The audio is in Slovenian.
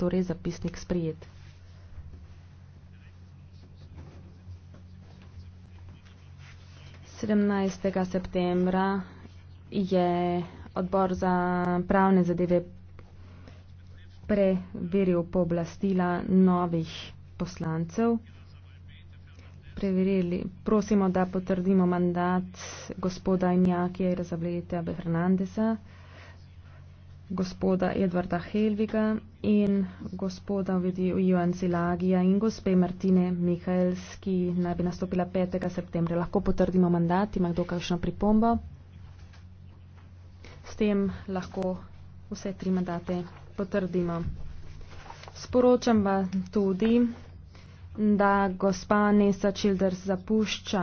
torej zapisnik sprijet. Sedemnajstega septembra je odbor za pravne zadeve preveril pooblastila novih poslancev. Preverili. Prosimo, da potrdimo mandat gospoda Imjakija Razavljeta Behrnandesa gospoda Edvarda Helviga in gospoda Ivan Zilagija in gospe Martine Mihajls, ki naj bi nastopila 5. septembra. Lahko potrdimo mandat, ima kdo kakšno pripombo? S tem lahko vse tri mandate potrdimo. Sporočam vam tudi, da gospa Nesa Childers zapušča.